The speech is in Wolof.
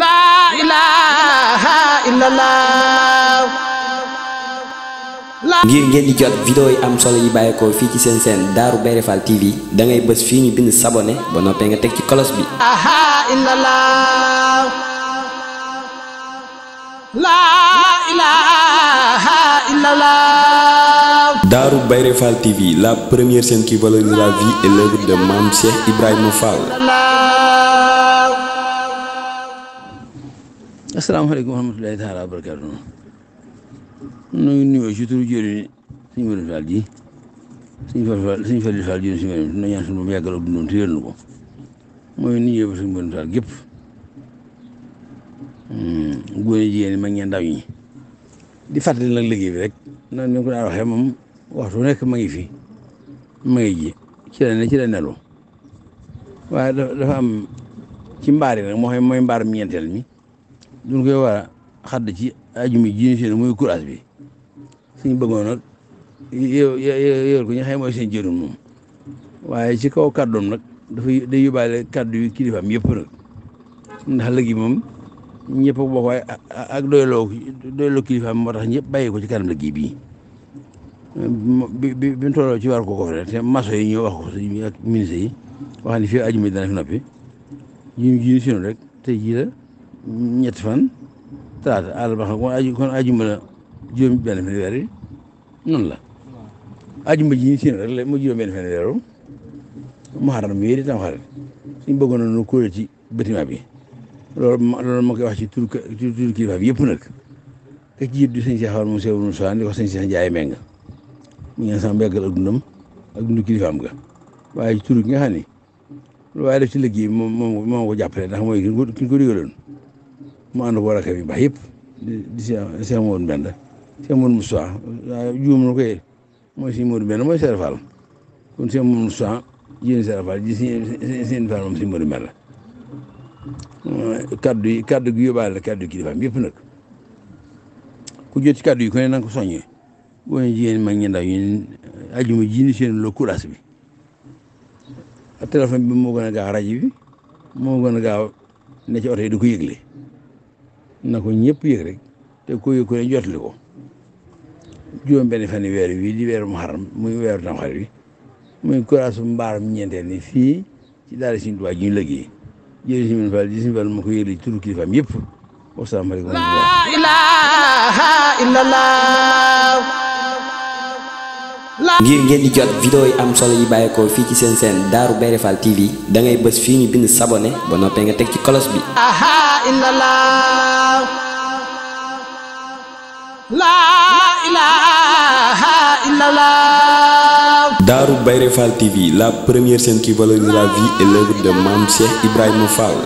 laa ilaaha ngir ngeen di jot vidéo yi am solo yi bàyyeekoo fii ci seen seen Darou Bairé Fall TV da bës fii ñu bind sabone ba noppee nga teg ci kolos bi. Darou Bairé Fall TV la première chaîne qui valorise la vie et l'œuvre de Mame Cheikh Ibrahima Fall. asalaamaaleykum wa rahmatulahi taala wa barakaatu nu ngi nuyoo ci turu jëriñ suñu Madu Faal ji suñu Faal suñu Faal Faal ji suñu Madu Faal ñaan suñu moom yàggal ak dundam te yërnu ko mooy ni yëpp suñu Madu Faal gépp hmm, góor yi jigéen ñi mag ñeen ndaw ñi di fàttali nag liggéey bi rek na ñu ko daan waxee moom waxtu nekk ma ngi fi ma ngi ji ci la ne ci la nelu waaye dafa am ci mbaar yi nag moo xam mooy mbaarum ñeenteel mi duñ koy war a xadd ci ajuma ji ñu seen mooy courage bi suñ bëggoon nag yow yow ko ñu xëy mooy seen jëriñ moom waaye ci kaw kàddoom nag dafay day yóbbaale kàddu yi kilifaam yëpp nag ndax léegi moom ñëpp a bokk waaye ak doyloo doyloo kilifaam moo tax ñëpp bàyyi ko ci kanam léegi bii bi bi bi mu tolloo ci war ko ko fa te maso yi ñoo wax ko ak ministre yi wax ni fii ajuma dana fi noppi ñu ji ñu seen rek tey jii la. ñetti fan talaata àllarba kon aju kon ajuma la juróom benn fan weer yi noonu la ajuma ji ñu siin rek la mu juróom benn fan weeru muharram tam xarit suñ nu kóore ci bâtiment bi loolu loolu ma koy wax ci tur tur kilifa bi yëpp nag te jiit du sëñ Cheikh moom seewul soxna di ko sëñ Cheikh Ndiaye Meng mu ngi sama mbéggal ak dundam ak dundu ga waaye ci tur gi nga xam ni waaye def ci liggéey moom moom moo ko jàppale ndax mooy mana wara kabi bahip di siya mon benda siya mon musa ya, jum no kai mo si mon benda mo si rafal kun siya mon musa jin si rafal jin si si si rafal mo si mon benda eh, kadu kadu gyo ba la kadu kiri fam yep nak ku jot kadu ko nan ko soñi ko ni jin ma ngi ndaw yin aljum jin si lo kuras bi a telephone bi mo gona ga raji bi mo gona ga ne ci auto du ko yegle na ko ñëpp yëg rek te ku yëg ko ne jotali ko juróom benn fan weer wi di weeru Muharram muy weeru Tamxarit wi muy kuraasu mbaaram ñeenteel ni fii ci daara Sëriñ Tuubaa ji ñu liggéey jërëjëf Sëriñ Fall di Sëriñ Fall ma ko yëgle ci turu kilifaam yëpp wasalaamaaleykum. laa ilaaha illallaah ngir ngeen di jot vidéo yi am solo yi bàyyeekoo fii ci seen seen daaru Bairé Fall TV dangay bës fii ñu bind sabone ba noppee nga teg ci kolos bi. Darou Bairé Fall TV la première chaîne qui valorise la vie et l'œuvre de Mame Cheikh Ibrahima Fall.